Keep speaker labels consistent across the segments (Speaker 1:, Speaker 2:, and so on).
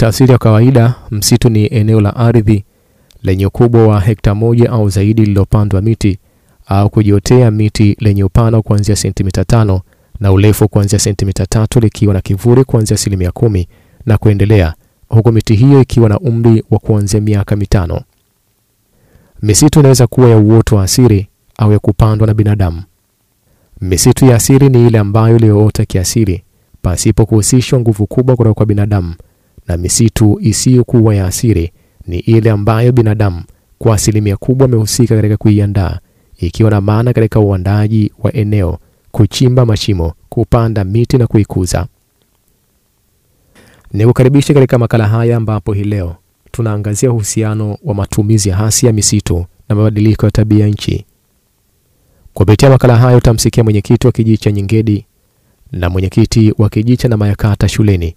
Speaker 1: Tafsiri ya kawaida, msitu ni eneo la ardhi lenye ukubwa wa hekta moja au zaidi lililopandwa miti au kujiotea miti lenye upana kuanzia sentimita tano na urefu kuanzia sentimita tatu likiwa na kivuli kuanzia asilimia kumi na kuendelea, huku miti hiyo ikiwa na umri wa kuanzia miaka mitano. Misitu inaweza kuwa ya uoto wa asili au ya kupandwa na binadamu. Misitu ya asili ni ile ambayo iliyoota kiasili pasipo kuhusishwa nguvu kubwa kutoka kwa binadamu na misitu isiyokuwa ya asili ni ile ambayo binadamu kwa asilimia kubwa amehusika katika kuiandaa, ikiwa na maana katika uandaji wa eneo, kuchimba mashimo, kupanda miti na kuikuza. Nikukaribisha katika makala haya ambapo hii leo tunaangazia uhusiano wa matumizi hasi ya misitu na mabadiliko ya tabia nchi. Kupitia makala haya utamsikia mwenyekiti wa kijiji cha nyingedi na mwenyekiti wa kijiji cha Namayakata shuleni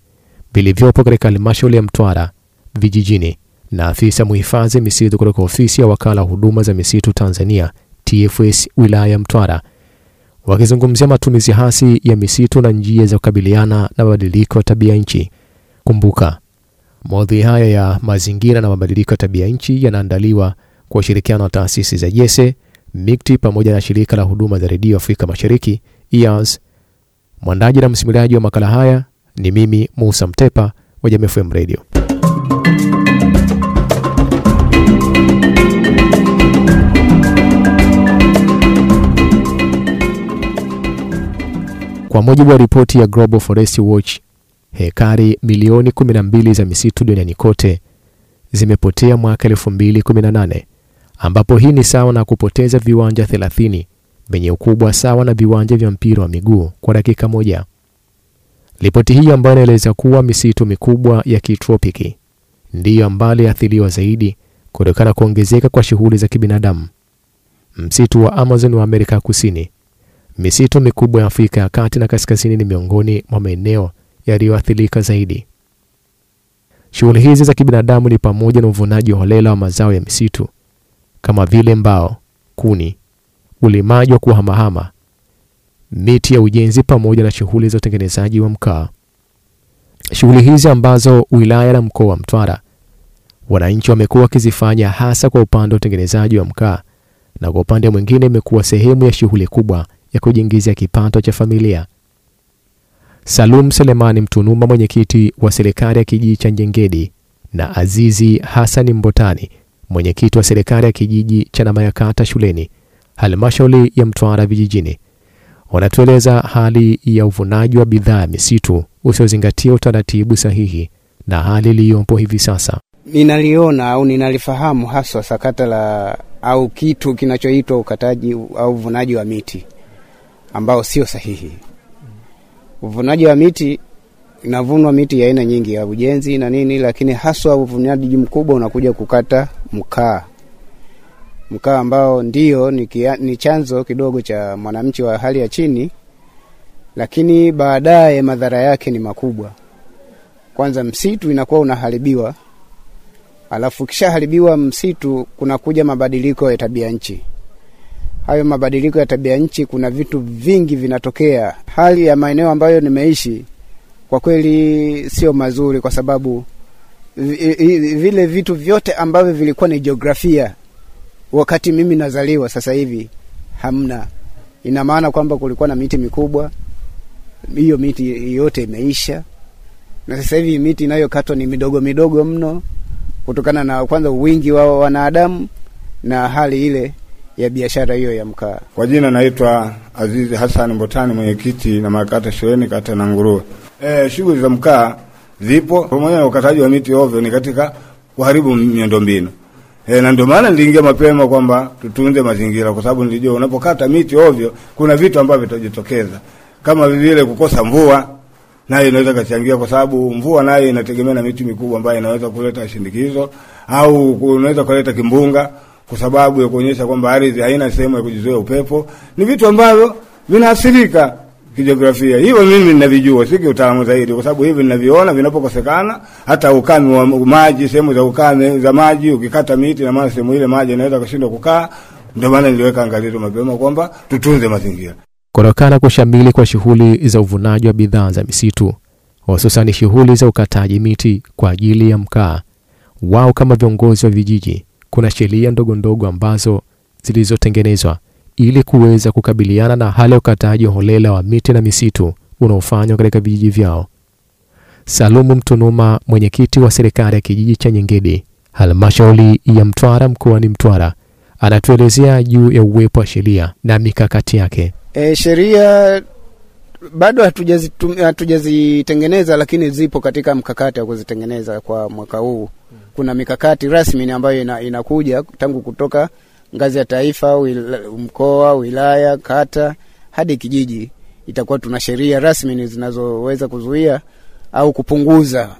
Speaker 1: vilivyopo katika halmashauri ya Mtwara vijijini na afisa muhifadhi misitu kutoka ofisi ya wakala wa huduma za misitu Tanzania TFS wilaya ya Mtwara wakizungumzia matumizi hasi ya misitu na njia za kukabiliana na mabadiliko ya tabia nchi. Kumbuka, maudhui haya ya mazingira na mabadiliko ya tabia nchi yanaandaliwa kwa ushirikiano wa taasisi za Jese, MIKTI pamoja na shirika la huduma za redio Afrika Mashariki IAS. Mwandaji na msimuliaji wa makala haya ni mimi Musa Mtepa wa Jam FM Radio. Kwa mujibu wa ripoti ya Global Forest Watch, hekari milioni 12 za misitu duniani kote zimepotea mwaka 2018 ambapo hii ni sawa na kupoteza viwanja 30 vyenye ukubwa sawa na viwanja vya mpira wa miguu kwa dakika moja. Ripoti hiyo ambayo inaeleza kuwa misitu mikubwa ya kitropiki ndiyo ambayo iliathiriwa zaidi kutokana na kuongezeka kwa shughuli za kibinadamu. Msitu wa Amazon wa Amerika ya Kusini, misitu mikubwa ya Afrika ya Kati na Kaskazini ni miongoni mwa maeneo yaliyoathirika zaidi. Shughuli hizi za kibinadamu ni pamoja na uvunaji wa holela wa mazao ya misitu kama vile mbao, kuni, ulimaji wa kuhamahama miti ya ujenzi pamoja na shughuli za utengenezaji wa mkaa. Shughuli hizi ambazo wilaya na mkoa wa Mtwara wananchi wamekuwa wakizifanya hasa kwa upande wa utengenezaji wa mkaa, na kwa upande mwingine imekuwa sehemu ya shughuli kubwa ya kujiingizia kipato cha familia. Salum Selemani Mtunuma, mwenyekiti wa serikali ya kijiji cha Njengedi, na Azizi Hasani Mbotani, mwenyekiti wa serikali ya kijiji cha Namayakata shuleni halmashauri ya Mtwara vijijini wanatueleza hali ya uvunaji wa bidhaa ya misitu usiozingatia utaratibu sahihi na hali iliyopo hivi sasa.
Speaker 2: Ninaliona au ninalifahamu haswa sakata la au kitu kinachoitwa ukataji au uvunaji wa miti ambao sio sahihi. Uvunaji wa miti, inavunwa miti ya aina nyingi ya ujenzi na nini, lakini haswa uvunaji mkubwa unakuja kukata mkaa mkaa ambao ndio ni, kia, ni chanzo kidogo cha mwananchi wa hali ya chini, lakini baadaye madhara yake ni makubwa. Kwanza msitu inakuwa unaharibiwa, alafu kishaharibiwa msitu kunakuja mabadiliko ya tabia nchi. Hayo mabadiliko ya tabia nchi, kuna vitu vingi vinatokea. Hali ya maeneo ambayo nimeishi kwa kweli sio mazuri, kwa sababu vile vitu vyote ambavyo vilikuwa ni jiografia wakati mimi nazaliwa sasa hivi hamna. Ina maana kwamba kulikuwa na miti mikubwa, hiyo miti yote imeisha, na sasa hivi miti inayokatwa ni midogo midogo mno, kutokana na kwanza wingi wa wanadamu na hali ile
Speaker 3: ya biashara hiyo ya mkaa. Kwa jina naitwa Azizi Hassan Mbotani, mwenyekiti na makata shoeni kata na Nguruwe. E, shughuli za mkaa zipo pamoja na ukataji wa miti ovyo ni katika kuharibu miundombinu E, na ndio maana niliingia mapema kwamba tutunze mazingira, kwa sababu nilijua unapokata miti ovyo kuna vitu ambavyo vitajitokeza kama vile kukosa mvua, nayo inaweza kachangia, kwa sababu mvua nayo inategemea na miti mikubwa ambayo inaweza kuleta shindikizo au unaweza kuleta kimbunga, kwa sababu ya kuonyesha kwamba ardhi haina sehemu ya kujizoea upepo. Ni vitu ambavyo vinaathirika kijiografia. Hivyo mimi ninavijua, si kiutaalamu zaidi, kwa sababu hivi ninaviona vinapokosekana. Hata ukame wa maji, sehemu za ukame za maji, ukikata miti na maana sehemu ile maji inaweza kushindwa kukaa. Ndio maana niliweka angalizo mapema kwamba tutunze mazingira.
Speaker 1: Kutokana kushamili kwa shughuli za uvunaji wa bidhaa za misitu, hususani shughuli za ukataji miti kwa ajili ya mkaa, wao kama viongozi wa vijiji, kuna sheria ndogo ndogo ambazo zilizotengenezwa ili kuweza kukabiliana na hali ya ukataji holela wa miti na misitu unaofanywa katika vijiji vyao. Salumu Mtunuma, mwenyekiti wa serikali ya kijiji cha Nyengedi, halmashauri ya Mtwara mkoani Mtwara, anatuelezea juu ya uwepo wa sheria na mikakati yake.
Speaker 2: E, sheria bado hatujazitengeneza, lakini zipo katika mkakati wa kuzitengeneza kwa mwaka huu. Kuna mikakati rasmi ambayo inakuja tangu kutoka ngazi ya taifa, mkoa, wilaya, kata hadi kijiji, itakuwa tuna sheria rasmi zinazoweza kuzuia au kupunguza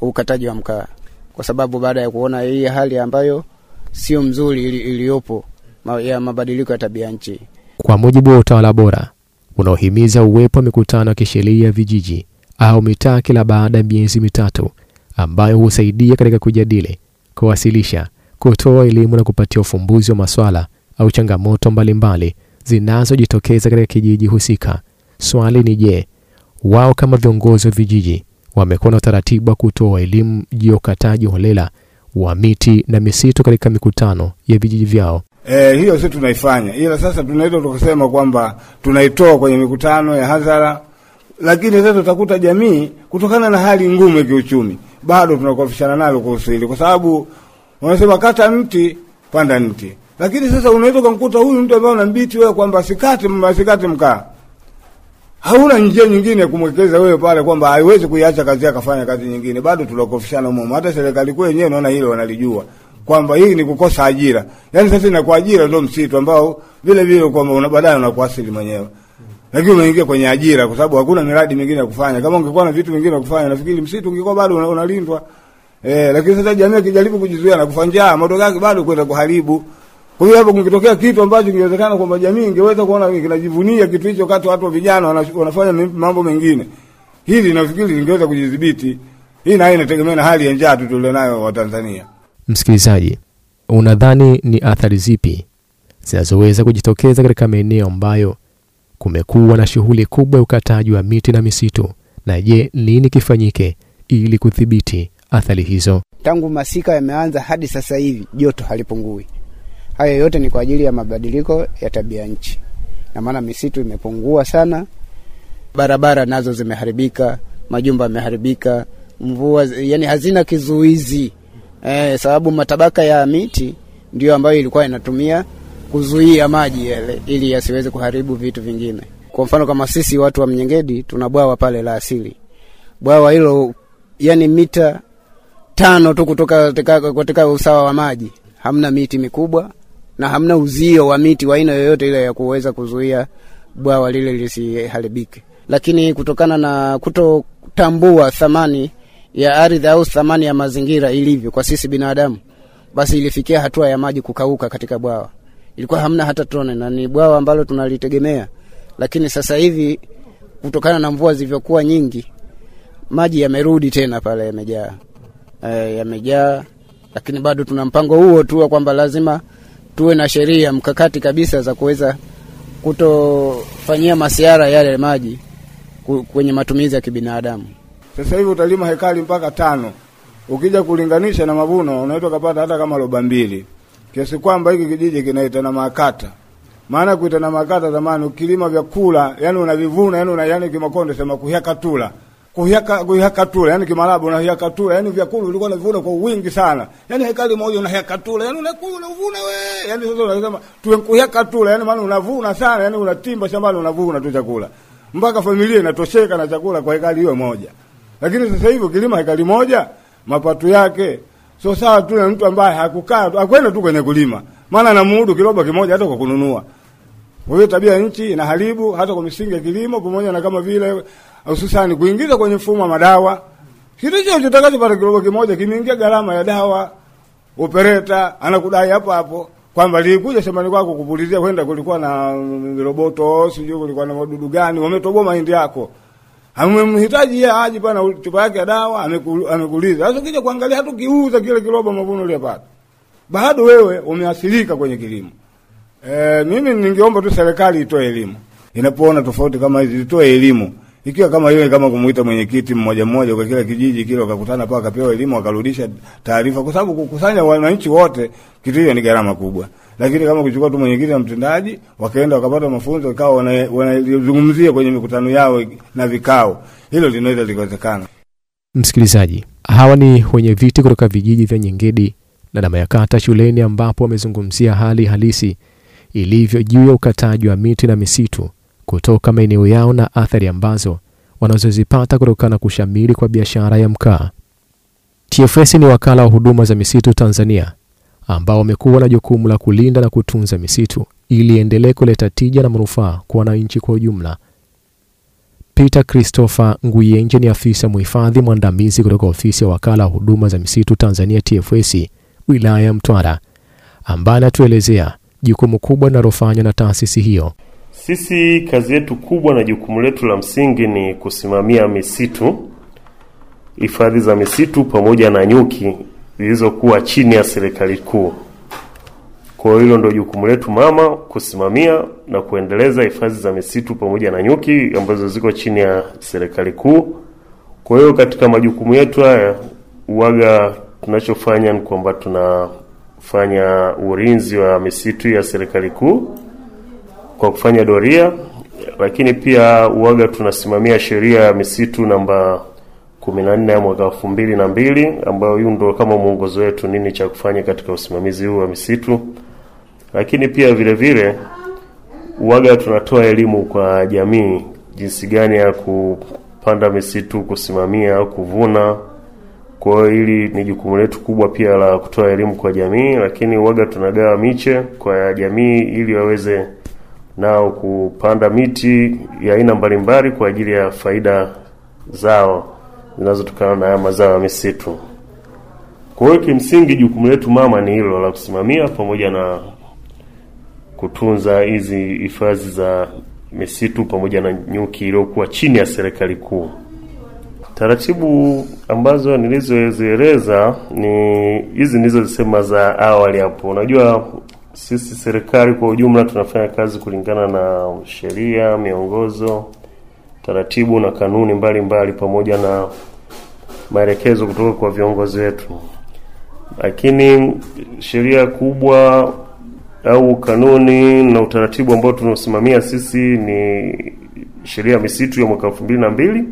Speaker 2: ukataji wa mkaa, kwa sababu baada ya kuona hii hali ambayo sio mzuri iliyopo ya mabadiliko ya tabia nchi.
Speaker 1: Kwa mujibu wa utawala bora unaohimiza uwepo wa mikutano ya kisheria vijiji au mitaa kila baada ya miezi mitatu ambayo husaidia katika kujadili, kuwasilisha kutoa elimu na kupatia ufumbuzi wa maswala au changamoto mbalimbali zinazojitokeza katika kijiji husika. Swali ni je, wao kama viongozi wa vijiji wamekuwa na utaratibu wa kutoa elimu juu ya ukataji holela wa miti na misitu katika mikutano ya vijiji vyao?
Speaker 3: E, hiyo si tunaifanya, ila sasa tunaweza tukasema kwamba tunaitoa kwenye mikutano ya hadhara, lakini sasa utakuta jamii kutokana na hali ngumu ya kiuchumi bado tunakofishana nalo kuhusu hili, kwa sababu wanasema kata mti, panda mti. Lakini sasa unaweza ukamkuta huyu mtu ambaye unambiti wewe kwamba sikate msikate mkaa, hauna njia nyingine ya kumwekeza wewe pale, kwamba haiwezi kuiacha kazi yake afanye kazi nyingine. Bado tulokofishana humo, hata serikali kuu yenyewe naona hilo wanalijua kwamba hii ni kukosa ajira. Yaani sasa kwa ajira ndio msitu ambao vile vile kwamba una baadaye unakuasili mwenyewe. Lakini unaingia kwenye ajira kwa sababu hakuna miradi mingine ya kufanya. Kama ungekuwa na vitu vingine vya kufanya, nafikiri msitu ungekuwa bado unalindwa. Una Eh, lakini sasa jamii akijaribu kujizuia na kufanya moto yake bado kwenda kuharibu. Kwa hiyo hapo kungetokea kitu ambacho kingewezekana kwamba jamii ingeweza kuona kinajivunia kitu hicho, kati watu wa vijana wanafanya mambo mengine. Hili nafikiri lingeweza kujidhibiti. Hii nayo inategemea na hali ya njaa tu tulionayo wa Tanzania.
Speaker 1: Msikilizaji, unadhani ni athari zipi zinazoweza kujitokeza katika maeneo ambayo kumekuwa na shughuli kubwa ya ukataji wa miti na misitu, na je, nini kifanyike ili kudhibiti athari hizo.
Speaker 2: Tangu masika yameanza hadi sasa hivi joto halipungui. Hayo yote ni kwa ajili ya mabadiliko ya tabia nchi, na maana misitu imepungua sana, barabara nazo zimeharibika, majumba yameharibika, mvua yani hazina kizuizi eh, sababu matabaka ya miti ndio ambayo ilikuwa inatumia kuzuia maji yale ili yasiweze kuharibu vitu vingine. Kwa mfano kama sisi watu wa Mnyengedi tuna bwawa pale la asili, bwawa hilo yani mita tano tu kutoka katika usawa wa maji. Hamna miti mikubwa na hamna uzio wa miti wa aina yoyote ile ya kuweza kuzuia bwawa lile lisiharibike, lakini kutokana na kutotambua thamani ya ardhi au thamani ya mazingira ilivyo kwa sisi binadamu, basi ilifikia hatua ya maji kukauka katika bwawa. Ilikuwa hamna hata tone, na ni bwawa ambalo tunalitegemea. Lakini sasa hivi kutokana na mvua zilivyokuwa nyingi, maji yamerudi tena pale, yamejaa. Eh, yamejaa, lakini bado tuna mpango huo tu wa kwamba lazima tuwe na sheria mkakati kabisa za kuweza kutofanyia masiara yale maji kwenye matumizi ya kibinadamu.
Speaker 3: Sasa hivi utalima hekari mpaka tano, ukija kulinganisha na mavuno unaweza kupata hata kama roba mbili, kiasi kwamba hiki kijiji kinaita na makata maana kuita na makata zamani, ukilima vyakula yani unavivuna yani una yani kimakonde sema kuhia katula kuhiaka kuhiaka tule yani kimarabu na hiaka tule yani vyakula ulikuwa unavuna kwa wingi sana, yani hekali moja una tule yani unakula uvuna we, yani sasa unasema tuwe kuhiaka tule yani maana unavuna sana, yani unatimba shambani unavuna tu chakula mpaka familia inatosheka na chakula kwa hekali hiyo moja. Lakini sasa hivi kilima hekali moja mapato yake sio sawa tu na mtu ambaye hakukaa akwenda tu kwenye kulima, maana na anamudu kiroba kimoja hata kwa kununua. Kwa hiyo tabia nchi inaharibu hata kwa misingi ya kilimo, pamoja na kama vile hususani kuingiza kwenye mfumo wa madawa. Kitu hicho ulichotakachopata kirobo kimoja kimeingia gharama ya dawa, opereta anakudai hapo hapo kwamba lilikuja shambani kwako kupulizia, kwenda kulikuwa na roboto, sijui kulikuwa na wadudu gani wametoboa mahindi yako, amemhitaji yeye aje pana chupa yake ya dawa, amekuliza. Sasa ukija kuangalia, hata ukiuza kile kiroba mavuno uliyopata, bado wewe umeathirika kwenye kilimo. E, mimi ningeomba tu serikali itoe elimu inapoona tofauti kama hizi, itoe elimu ikiwa kama hiyo, kama kumuita mwenyekiti mmoja mmoja kwa kila kijiji kile, wakakutana paa, akapewa elimu, akarudisha taarifa, kwa sababu kukusanya wananchi wote, kitu hiyo ni gharama kubwa. Lakini kama kuchukua tu mwenyekiti na mtendaji, wakaenda wakapata mafunzo, ikawa wanazungumzia kwenye mikutano yao na vikao, hilo linaweza likawezekana.
Speaker 1: Msikilizaji, hawa ni wenye viti kutoka vijiji vya Nyengedi na kata shuleni, ambapo wamezungumzia hali halisi ilivyo juu ya ukataji wa miti na misitu kutoka maeneo yao na athari ambazo wanazozipata kutokana na kushamiri kwa biashara ya mkaa. TFS ni wakala wa huduma za misitu Tanzania ambao wamekuwa na jukumu la kulinda na kutunza misitu ili endelee kuleta tija na manufaa kwa wananchi kwa ujumla. Peter Christopher Nguyenje ni afisa muhifadhi mwandamizi kutoka ofisi ya wakala wa huduma za misitu Tanzania TFS wilaya ya Mtwara, ambaye anatuelezea jukumu kubwa linalofanywa na taasisi hiyo.
Speaker 4: Sisi kazi yetu kubwa na jukumu letu la msingi ni kusimamia misitu, hifadhi za misitu pamoja na nyuki zilizokuwa chini ya serikali kuu. Kwa hiyo hilo ndio jukumu letu mama, kusimamia na kuendeleza hifadhi za misitu pamoja na nyuki ambazo ziko chini ya serikali kuu. Kwa hiyo katika majukumu yetu haya, uwaga tunachofanya ni kwamba tunafanya ulinzi wa misitu ya serikali kuu kwa kufanya doria, lakini pia uwaga tunasimamia sheria ya misitu namba 14 ya mwaka mbili ambayo hiyo ndio kama mwongozo wetu nini cha kufanya katika usimamizi huu wa misitu. Lakini pia vile vile uwaga tunatoa elimu kwa jamii jinsi gani ya kupanda misitu, kusimamia au kuvuna. Kwa hiyo hili ni jukumu letu kubwa pia la kutoa elimu kwa jamii, lakini uwaga tunagawa miche kwa jamii ili waweze nao kupanda miti ya aina mbalimbali kwa ajili ya faida zao zinazotokana na mazao ya misitu. Kwa hiyo kimsingi jukumu letu mama ni hilo la kusimamia pamoja na kutunza hizi hifadhi za misitu pamoja na nyuki iliyokuwa chini ya serikali kuu. Taratibu ambazo nilizozieleza ni hizi nilizozisema za awali hapo. Unajua, sisi serikali kwa ujumla tunafanya kazi kulingana na sheria, miongozo, taratibu na kanuni mbalimbali mbali, pamoja na maelekezo kutoka kwa viongozi wetu, lakini sheria kubwa au kanuni na utaratibu ambao tunaosimamia sisi ni sheria ya misitu ya mwaka elfu mbili na mbili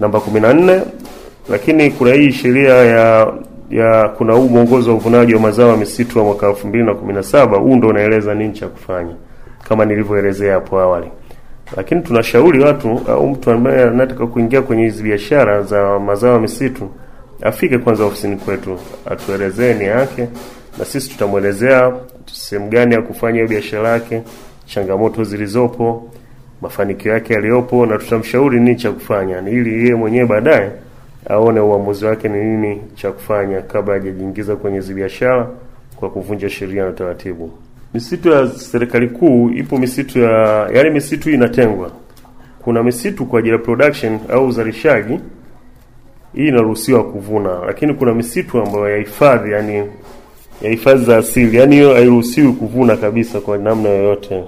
Speaker 4: namba kumi na nne, lakini kuna hii sheria ya ya kuna huu mwongozo wa uvunaji wa mazao ya misitu wa mwaka 2017 huu ndio unaeleza nini cha kufanya kama nilivyoelezea hapo awali. Lakini tunashauri watu au mtu ambaye anataka kuingia kwenye hizi biashara za mazao ya misitu afike kwanza ofisini kwetu, atuelezee ni yake, na sisi tutamwelezea sehemu gani ya kufanya biashara yake, changamoto zilizopo, mafanikio yake yaliyopo, na tutamshauri nini cha kufanya, ni ili yeye mwenyewe baadaye aone uamuzi wake ni nini cha kufanya kabla hajajiingiza kwenye hizi biashara kwa kuvunja sheria na taratibu. Misitu ya serikali kuu ipo misitu ya yani, misitu hii inatengwa. Kuna misitu kwa ajili ya production au uzalishaji, hii inaruhusiwa kuvuna, lakini kuna misitu ambayo ya hifadhi, yani ya hifadhi za asili, yani hiyo hairuhusiwi kuvuna kabisa kwa namna yoyote.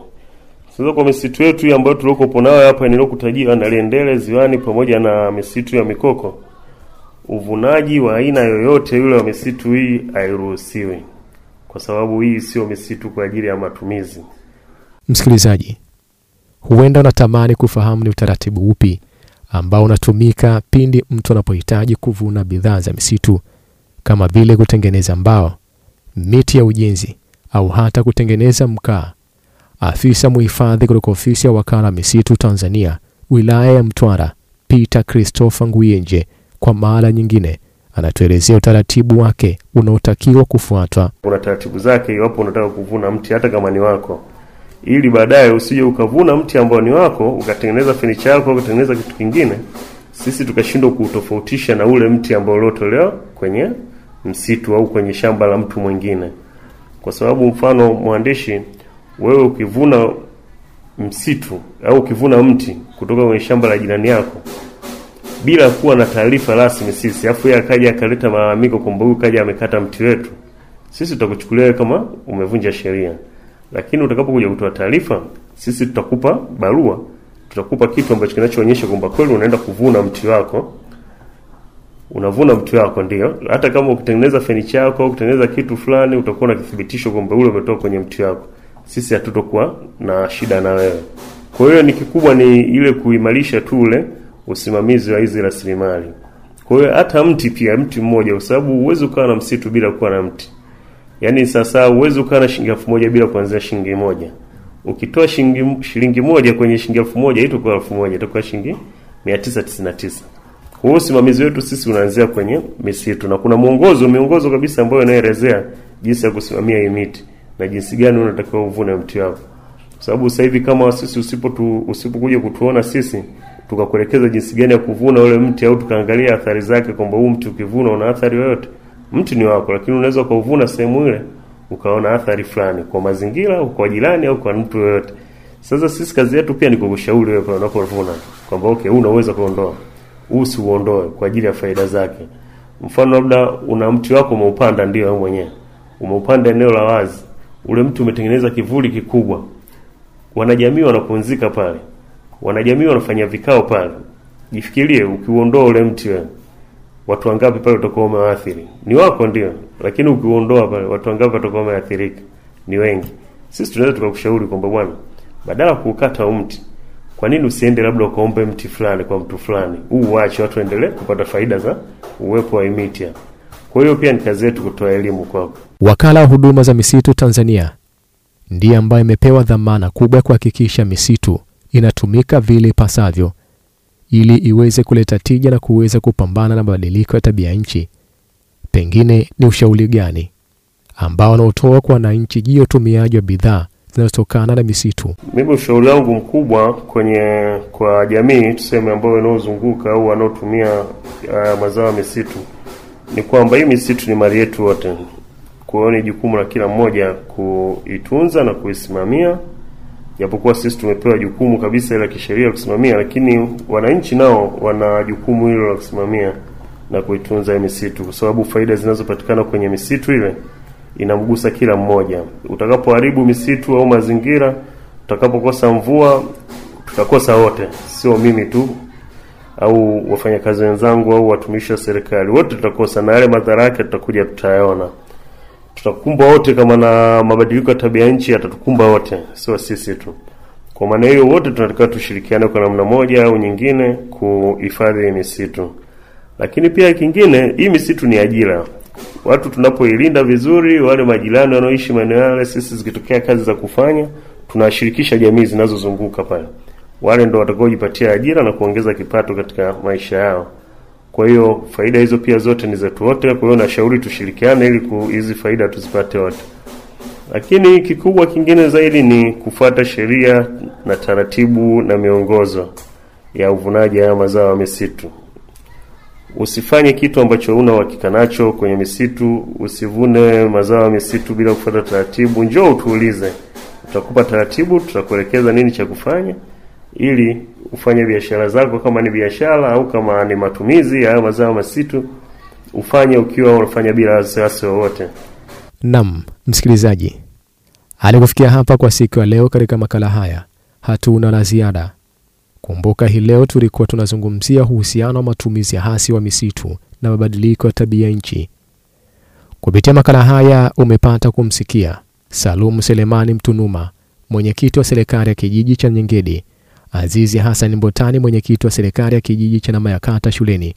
Speaker 4: Sasa kwa misitu yetu hii ambayo tuliokopo nayo hapa niliokutajia, Ndalendele, Ziwani pamoja na misitu ya mikoko uvunaji wa aina yoyote yule wa misitu hii hairuhusiwi, kwa sababu hii sio misitu kwa ajili ya matumizi.
Speaker 1: Msikilizaji, huenda unatamani kufahamu ni utaratibu upi ambao unatumika pindi mtu anapohitaji kuvuna bidhaa za misitu kama vile kutengeneza mbao, miti ya ujenzi au hata kutengeneza mkaa. Afisa muhifadhi kutoka ofisi ya wakala wa misitu Tanzania wilaya ya Mtwara, Peter Christopher Nguyenje kwa maana nyingine, anatuelezea utaratibu wake unaotakiwa kufuatwa.
Speaker 4: Kuna taratibu zake iwapo unataka kuvuna mti hata kama ni wako, ili baadaye usije ukavuna mti ambao ni wako ukatengeneza fenicha yako ukatengeneza kitu kingine, sisi tukashindwa kuutofautisha na ule mti ambao uliotolewa kwenye msitu au kwenye shamba la mtu mwingine, kwa sababu mfano mwandishi, wewe ukivuna msitu au ukivuna mti kutoka kwenye shamba la jirani yako bila kuwa na taarifa rasmi sisi, afu yeye akaja akaleta malalamiko kwamba huyu kaja amekata mti wetu, sisi tutakuchukulia kama umevunja sheria, lakini utakapokuja kutoa taarifa, sisi tutakupa barua, tutakupa kitu ambacho kinachoonyesha kwamba kweli unaenda kuvuna mti wako unavuna mti wako, ndio hata kama ukitengeneza fenicha yako au kutengeneza kitu fulani, utakuwa na kithibitisho kwamba ule umetoka kwenye mti wako. Sisi hatutokuwa na shida na wewe. Kwa hiyo ni kikubwa ni ile kuimarisha tu ule usimamizi wa hizi rasilimali. Kwa hiyo hata mti pia, mti mmoja, kwa sababu huwezi ukawa na msitu bila kuwa na mti. Yaani sasa huwezi ukawa na shilingi elfu moja bila kuanzia shilingi moja. Ukitoa shilingi shilingi moja kwenye shilingi elfu moja itakuwa elfu moja itakuwa shilingi 999. Kwa hiyo usimamizi wetu sisi unaanzia kwenye misitu na kuna mwongozo miongozo kabisa ambayo inaelezea jinsi ya kusimamia hii miti na jinsi gani unatakiwa uvune mti wako. Kwa sababu sasa hivi kama sisi usipo tu, usipokuja kutuona sisi tukakuelekeza jinsi gani ya kuvuna ule mti au tukaangalia athari zake, kwamba huu mti ukivuna una athari yoyote. Mti ni wako, lakini unaweza ukauvuna sehemu ile ukaona athari fulani kwa mazingira, au kwa jirani au kwa mtu yoyote. Sasa sisi kazi yetu pia ni kukushauri wewe pale unapovuna kwamba okay, huu unaweza kuondoa, huu si uondoe kwa ajili ya faida zake. Mfano labda una mti wako umeupanda, ndio wewe mwenyewe umeupanda eneo la wazi, ule mtu umetengeneza kivuli kikubwa, wanajamii wanapumzika pale wanajamii wanafanya vikao pale, jifikirie, ukiuondoa ule mti wewe, watu wangapi pale utakuwa umewaathiri? Ni wako ndio, lakini ukiuondoa pale, watu wangapi watakuwa wameathirika? Ni wengi. Sisi tunaweza tukakushauri kwamba bwana, badala ya kuukata mti, kwa nini usiende labda ukaombe mti fulani kwa mtu fulani, huu uache watu waendelee kupata faida za uwepo wa miti Kwa hiyo pia ni kazi yetu kutoa elimu kwako.
Speaker 1: Wakala wa Huduma za Misitu Tanzania ndiye ambaye imepewa dhamana kubwa ya kuhakikisha misitu inatumika vile ipasavyo ili iweze kuleta tija na kuweza kupambana na mabadiliko ya tabia nchi. Pengine ni ushauri gani ambao wanaotoa kwa wananchi juu ya utumiaji wa bidhaa zinazotokana na misitu?
Speaker 4: Mimi ushauri wangu mkubwa kwenye kwa jamii tuseme, ambayo wanaozunguka au wanaotumia uh, mazao ya misitu ni kwamba hii misitu ni mali yetu wote, kwa hiyo ni jukumu la kila mmoja kuitunza na kuisimamia japokuwa sisi tumepewa jukumu kabisa la kisheria kusimamia, lakini wananchi nao wana jukumu hilo la kusimamia na kuitunza misitu, kwa sababu faida zinazopatikana kwenye misitu ile inamgusa kila mmoja. Utakapoharibu misitu au mazingira, utakapokosa mvua, tutakosa wote, sio mimi tu au wafanyakazi wenzangu au watumishi wa serikali, wote tutakosa, na yale madhara yake tutakuja tutayaona tutakumbwa wote, kama na mabadiliko ya tabia nchi yatatukumba wote, sio sisi tu. Kwa maana hiyo, wote tunatakiwa tushirikiane kwa namna moja au nyingine kuhifadhi misitu. Lakini pia kingine, hii misitu ni ajira. Watu tunapoilinda vizuri, wale majirani wanaoishi maeneo yale, sisi zikitokea kazi za kufanya, tunashirikisha jamii zinazozunguka pale, wale ndo watakaojipatia ajira na kuongeza kipato katika maisha yao. Kwa hiyo faida hizo pia zote ni zetu wote. Kwa hiyo nashauri tushirikiane ili hizi faida tuzipate wote, lakini kikubwa kingine zaidi ni kufuata sheria na taratibu na miongozo ya uvunaji haya mazao ya misitu. Usifanye kitu ambacho una uhakika nacho kwenye misitu. Usivune mazao ya misitu bila kufuata taratibu. Njoo utuulize, tutakupa taratibu, tutakuelekeza nini cha kufanya ili ufanye biashara zako, kama ni biashara au kama ni matumizi ya mazao masitu, ufanye ukiwa unafanya bila wasiwasi wowote.
Speaker 1: Naam, msikilizaji, alikufikia hapa kwa siku ya leo katika makala haya, hatuna la ziada. Kumbuka hii leo tulikuwa tunazungumzia uhusiano wa matumizi hasi wa misitu na mabadiliko ya tabia nchi. Kupitia makala haya umepata kumsikia Salumu Selemani Mtunuma, mwenyekiti wa serikali ya kijiji cha Nyengedi Azizi Hassan Mbotani, mwenyekiti wa serikali ya kijiji cha Namayakata shuleni.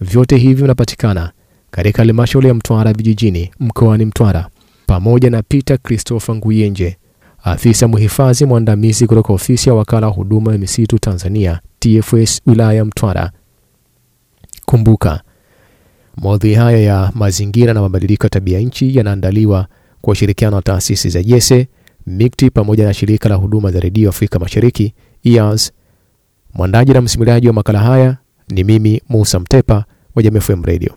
Speaker 1: Vyote hivi vinapatikana katika halmashauri ya Mtwara vijijini mkoani Mtwara, pamoja na Peter Christopher Nguyenje, afisa mhifadhi mwandamizi kutoka ofisi ya wakala wa huduma ya misitu Tanzania TFS wilaya ya Mtwara. Kumbuka, maudhui haya ya mazingira na mabadiliko ya tabia nchi yanaandaliwa kwa ushirikiano wa taasisi za JESE, MIKTI pamoja na shirika la huduma za redio Afrika Mashariki years. Mwandaji na msimuliaji wa makala haya ni mimi Musa Mtepa wa Jamii Radio.